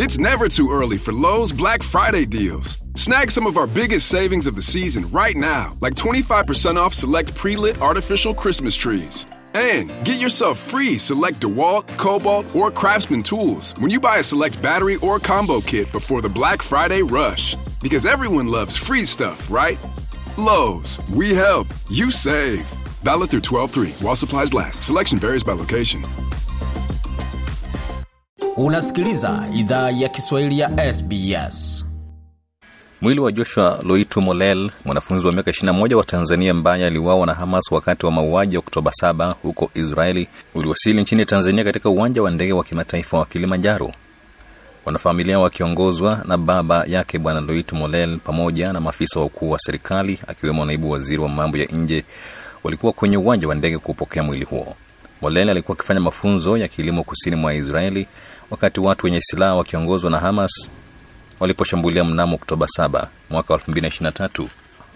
It's never too early for Lowe's Black Friday deals. Snag some of our biggest savings of the season right now, like 25% off select pre lit artificial Christmas trees. And get yourself free select DeWalt, Cobalt, or Craftsman tools when you buy a select battery or combo kit before the Black Friday rush. Because everyone loves free stuff, right? Lowe's, we help, you save. Valid through 12 3 while supplies last. Selection varies by location. Unasikiliza idhaa ya Kiswahili ya SBS. Mwili wa Joshua Loitu Molel, mwanafunzi wa miaka 21 wa Tanzania ambaye aliuawa na Hamas wakati wa mauaji ya Oktoba 7 huko Israeli, uliwasili nchini Tanzania katika uwanja wa ndege wa kimataifa wa Kilimanjaro. Wanafamilia wakiongozwa na baba yake Bwana Loitu Molel pamoja na maafisa wakuu wa serikali akiwemo naibu waziri wa mambo ya nje walikuwa kwenye uwanja wa ndege kupokea mwili huo. Molel alikuwa akifanya mafunzo ya kilimo kusini mwa Israeli wakati watu wenye silaha wakiongozwa na Hamas waliposhambulia mnamo Oktoba 7 mwaka 2023.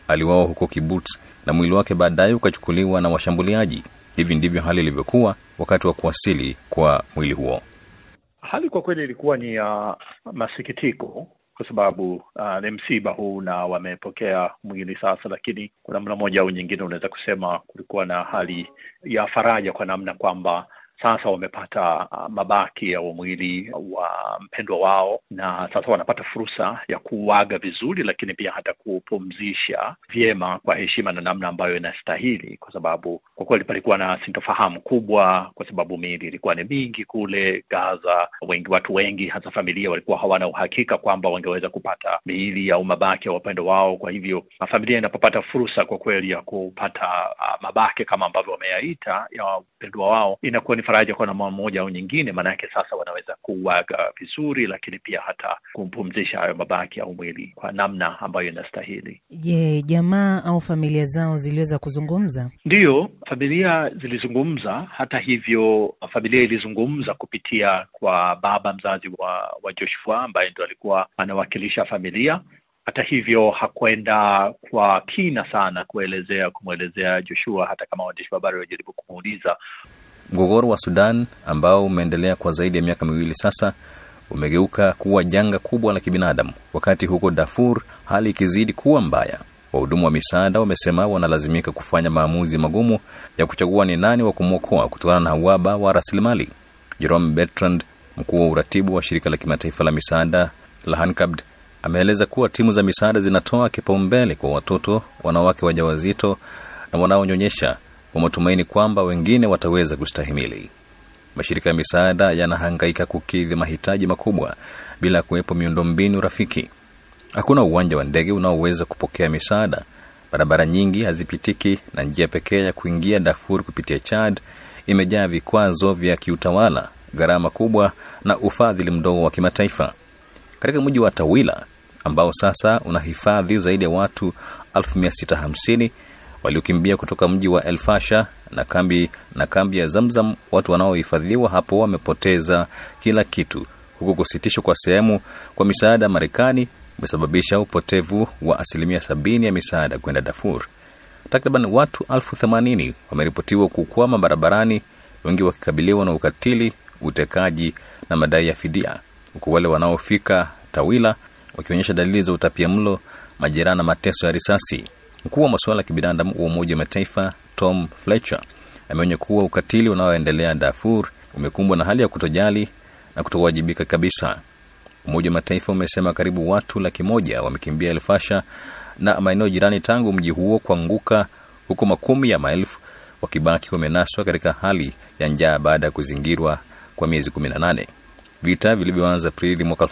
Aliwawa huko Kibbutz na mwili wake baadaye ukachukuliwa na washambuliaji. Hivi ndivyo hali ilivyokuwa wakati wa kuwasili kwa mwili huo. Hali kwa kweli ilikuwa ni ya uh, masikitiko kwa sababu uh, ni msiba huu na wamepokea mwili sasa, lakini kwa namna moja au nyingine unaweza kusema kulikuwa na hali ya faraja kwa namna kwamba sasa wamepata ah, mabaki ya mwili wa mpendwa wao, na sasa wanapata fursa ya kuuaga vizuri, lakini pia hata kupumzisha vyema kwa heshima na namna ambayo inastahili, kwa sababu kwa kweli palikuwa na sintofahamu kubwa, kwa sababu miili ilikuwa ni mingi kule Gaza. Wengi, watu wengi, hasa familia, walikuwa hawana uhakika kwamba wangeweza kupata miili au mabaki ya wapendo wao. Kwa hivyo ah, familia inapopata fursa kwa kweli ya kupata ah, mabaki kama ambavyo wameyaita ya wapendwa wao inakuwa ni faraja kwa namna moja au nyingine, maanake sasa wanaweza kuuaga vizuri, lakini pia hata kumpumzisha hayo mabaki au mwili kwa namna ambayo inastahili. Je, jamaa au familia zao ziliweza kuzungumza? Ndiyo, familia zilizungumza. Hata hivyo, familia ilizungumza kupitia kwa baba mzazi wa, wa Joshua ambaye ndo alikuwa anawakilisha familia hata hivyo hakwenda kwa kina sana kuelezea kumwelezea Joshua, hata kama waandishi wa habari wajaribu kumuuliza. Mgogoro wa Sudan ambao umeendelea kwa zaidi ya miaka miwili sasa umegeuka kuwa janga kubwa la kibinadamu, wakati huko Darfur hali ikizidi kuwa mbaya. Wahudumu wa misaada wamesema wanalazimika kufanya maamuzi magumu ya kuchagua ni nani wa kumwokoa kutokana na uhaba wa rasilimali. Jerome Bertrand, mkuu wa uratibu wa shirika la kimataifa la misaada la Hankabd, ameeleza kuwa timu za misaada zinatoa kipaumbele kwa watoto, wanawake wajawazito na wanaonyonyesha kwa matumaini kwamba wengine wataweza kustahimili. Mashirika ya misaada yanahangaika kukidhi mahitaji makubwa bila kuwepo miundombinu rafiki. Hakuna uwanja wa ndege unaoweza kupokea misaada, barabara nyingi hazipitiki, na njia pekee ya kuingia dafur kupitia Chad imejaa vikwazo vya kiutawala, gharama kubwa na ufadhili mdogo wa kimataifa. Katika mji wa Tawila ambao sasa una hifadhi zaidi ya watu 650 waliokimbia kutoka mji wa Elfasha na kambi, na kambi ya Zamzam. Watu wanaohifadhiwa hapo wamepoteza kila kitu, huku kusitishwa kwa sehemu kwa misaada Marekani umesababisha upotevu wa asilimia sb ya misaada kwenda dafur Takriban watu 80 wameripotiwa kukwama barabarani, wengi wakikabiliwa na ukatili, utekaji na madai ya fidia, huku wale wanaofika Tawila wakionyesha dalili za utapia mlo, majeraha na mateso ya risasi. Mkuu wa masuala ya kibinadamu wa Umoja wa Mataifa Tom Fletcher ameonya kuwa ukatili unaoendelea Darfur umekumbwa na hali ya kutojali na kutowajibika kabisa. Umoja wa Mataifa umesema karibu watu laki moja wamekimbia elfasha na maeneo jirani tangu mji huo kuanguka, huku makumi ya maelfu wakibaki wamenaswa katika hali ya njaa baada ya kuzingirwa kwa miezi 18. Vita vilivyoanza Aprili mwaka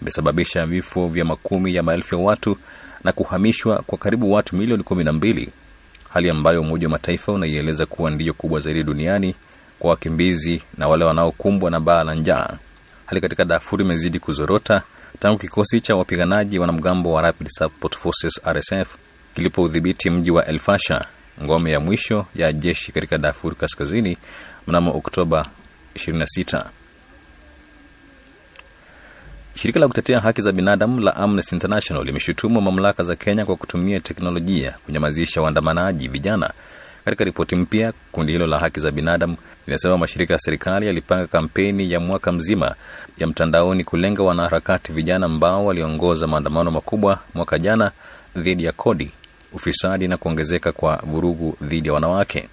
vimesababisha vifo vya makumi ya maelfu ya watu na kuhamishwa kwa karibu watu milioni 12, hali ambayo Umoja wa Mataifa unaieleza kuwa ndiyo kubwa zaidi duniani kwa wakimbizi na wale wanaokumbwa na baa la njaa. Hali katika Darfur imezidi kuzorota tangu kikosi cha wapiganaji wanamgambo wa Rapid Support Forces RSF kilipoudhibiti mji wa elfasha ngome ya mwisho ya jeshi katika Darfur Kaskazini mnamo Oktoba 26. Shirika la kutetea haki za binadamu la Amnesty International limeshutumu mamlaka za Kenya kwa kutumia teknolojia kunyamazisha waandamanaji vijana. Katika ripoti mpya, kundi hilo la haki za binadamu linasema mashirika ya serikali yalipanga kampeni ya mwaka mzima ya mtandaoni kulenga wanaharakati vijana ambao waliongoza maandamano makubwa mwaka jana dhidi ya kodi, ufisadi na kuongezeka kwa vurugu dhidi ya wanawake.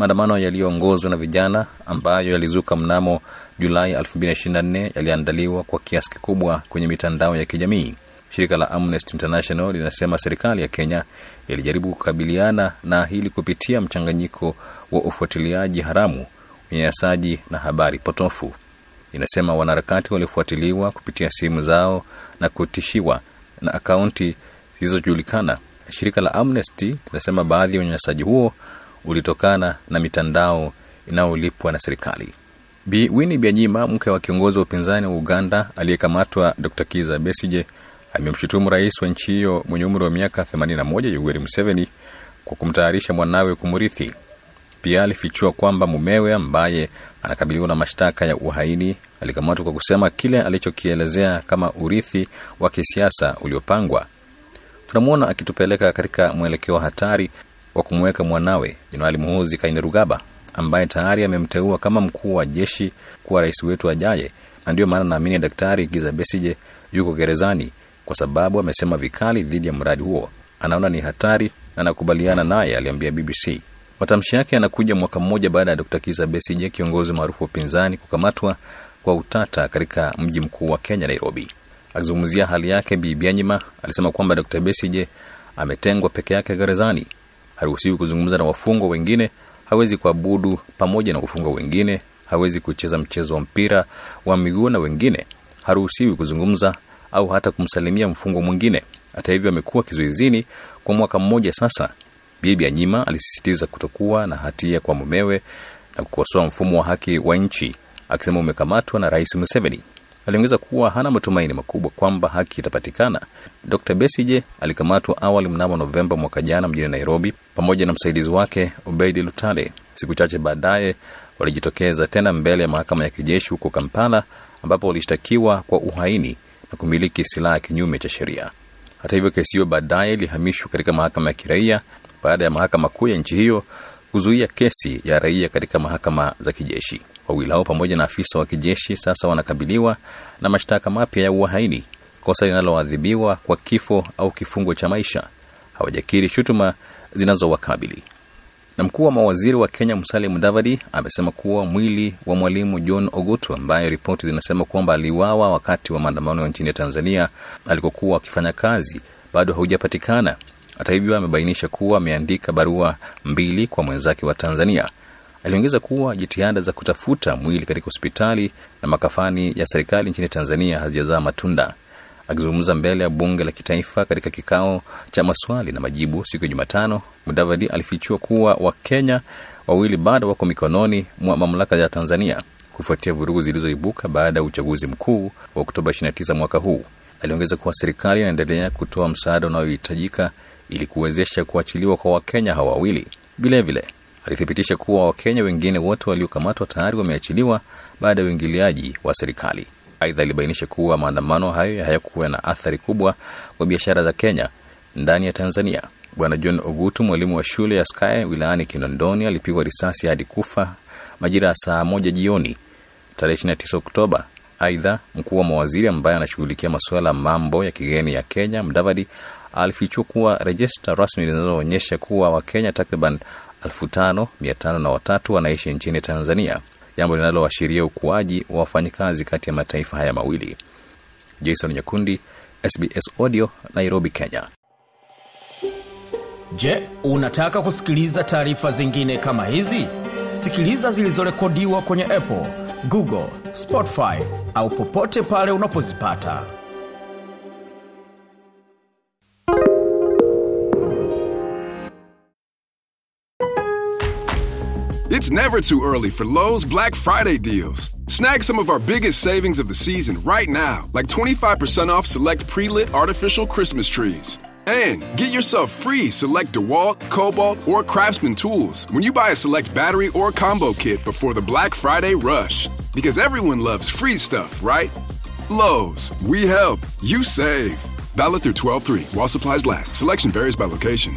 Maandamano yaliyoongozwa na vijana ambayo yalizuka mnamo Julai 2024 yaliandaliwa kwa kiasi kikubwa kwenye mitandao ya kijamii. Shirika la Amnesty International linasema serikali ya Kenya ilijaribu kukabiliana na hili kupitia mchanganyiko wa ufuatiliaji haramu, unyanyasaji na habari potofu. Inasema wanaharakati waliofuatiliwa kupitia simu zao na kutishiwa na akaunti zilizojulikana. Shirika la Amnesty linasema baadhi ya unyanyasaji huo ulitokana na mitandao inayolipwa na serikali. Bi Winnie Byanyima, mke wa kiongozi wa upinzani wa Uganda aliyekamatwa Dr. Kiza Besije, amemshutumu rais wa nchi hiyo mwenye umri wa miaka 81 Yoweri Museveni kwa kumtayarisha mwanawe kumrithi. Pia alifichua kwamba mumewe ambaye anakabiliwa na mashtaka ya uhaini alikamatwa kwa kusema kile alichokielezea kama urithi wa kisiasa uliopangwa. Tunamwona akitupeleka katika mwelekeo hatari wa kumweka mwanawe Jenerali Muhoozi Kainerugaba ambaye tayari amemteua kama mkuu wa jeshi kuwa rais wetu ajaye, na ndiyo maana naamini Daktari giza Besije yuko gerezani kwa sababu amesema vikali dhidi ya mradi huo. Anaona ni hatari na anakubaliana naye, aliambia BBC. Matamshi yake yanakuja mwaka mmoja baada ya d Kiza Besije, kiongozi maarufu wa upinzani, kukamatwa kwa utata katika mji mkuu wa Kenya, Nairobi. Akizungumzia hali yake, bibianyima alisema kwamba d Besije ametengwa peke yake gerezani haruhusiwi kuzungumza na wafungwa wengine, hawezi kuabudu pamoja na wafungwa wengine, hawezi kucheza mchezo wa mpira wa miguu na wengine, haruhusiwi kuzungumza au hata kumsalimia mfungwa mwingine. Hata hivyo, amekuwa kizuizini kwa mwaka mmoja sasa. Bibi Anyima alisisitiza kutokuwa na hatia kwa mumewe na kukosoa mfumo wa haki wa nchi akisema umekamatwa na Rais Museveni aliongeza kuwa hana matumaini makubwa kwamba haki itapatikana. Dr Besije alikamatwa awali mnamo Novemba mwaka jana mjini Nairobi pamoja na msaidizi wake Ubeidi Lutale. Siku chache baadaye walijitokeza tena mbele ya mahakama ya kijeshi huko Kampala, ambapo walishtakiwa kwa uhaini na kumiliki silaha kinyume cha sheria. Hata hivyo, kesi hiyo baadaye ilihamishwa katika mahakama ya kiraia baada ya mahakama kuu ya nchi hiyo kuzuia kesi ya raia katika mahakama za kijeshi. Wawili hao pamoja na afisa wa kijeshi sasa wanakabiliwa na mashtaka mapya ya uhaini, kosa linaloadhibiwa kwa kifo au kifungo cha maisha. Hawajakiri shutuma zinazowakabili. Na mkuu wa mawaziri wa Kenya Musalia Mudavadi amesema kuwa mwili wa mwalimu John Ogutu ambaye ripoti zinasema kwamba aliwawa wakati wa maandamano nchini Tanzania alikokuwa akifanya kazi bado haujapatikana. Hata hivyo, amebainisha kuwa ameandika barua mbili kwa mwenzake wa Tanzania Aliongeza kuwa jitihada za kutafuta mwili katika hospitali na makafani ya serikali nchini Tanzania hazijazaa matunda. Akizungumza mbele ya bunge la kitaifa katika kikao cha maswali na majibu siku ya Jumatano, Mudavadi alifichua kuwa Wakenya wawili bado wako mikononi mwa mamlaka ya Tanzania kufuatia vurugu zilizoibuka baada ya uchaguzi mkuu wa Oktoba 29 mwaka huu. Aliongeza kuwa serikali inaendelea kutoa msaada unaohitajika ili kuwezesha kuachiliwa kwa Wakenya hawa wawili. Vilevile alithibitisha kuwa Wakenya wengine wote waliokamatwa tayari wameachiliwa baada ya uingiliaji wa serikali. Aidha, alibainisha kuwa maandamano hayo hayakuwa na athari kubwa kwa biashara za Kenya ndani ya Tanzania. Bwana John Ogutu, mwalimu wa shule ya Sky wilayani Kinondoni, alipigwa risasi hadi kufa majira ya saa moja jioni tarehe 29 Oktoba. Aidha, mkuu wa mawaziri ambaye anashughulikia masuala mambo ya kigeni ya Kenya, Mdavadi, alifichua kuwa rejista rasmi zinazoonyesha kuwa Wakenya takriban elfu wanaishi nchini Tanzania, jambo linaloashiria ukuaji wa wafanyakazi kati ya mataifa haya mawili. Jason Nyakundi, SBS Audio, Nairobi, Kenya. Je, unataka kusikiliza taarifa zingine kama hizi? Sikiliza zilizorekodiwa kwenye Apple, Google, Spotify au popote pale unapozipata. It's never too early for Lowe's Black Friday deals. Snag some of our biggest savings of the season right now, like 25% off select pre lit artificial Christmas trees. And get yourself free select DeWalt, Cobalt, or Craftsman tools when you buy a select battery or combo kit before the Black Friday rush. Because everyone loves free stuff, right? Lowe's, we help, you save. Valid through 12 3 while supplies last. Selection varies by location.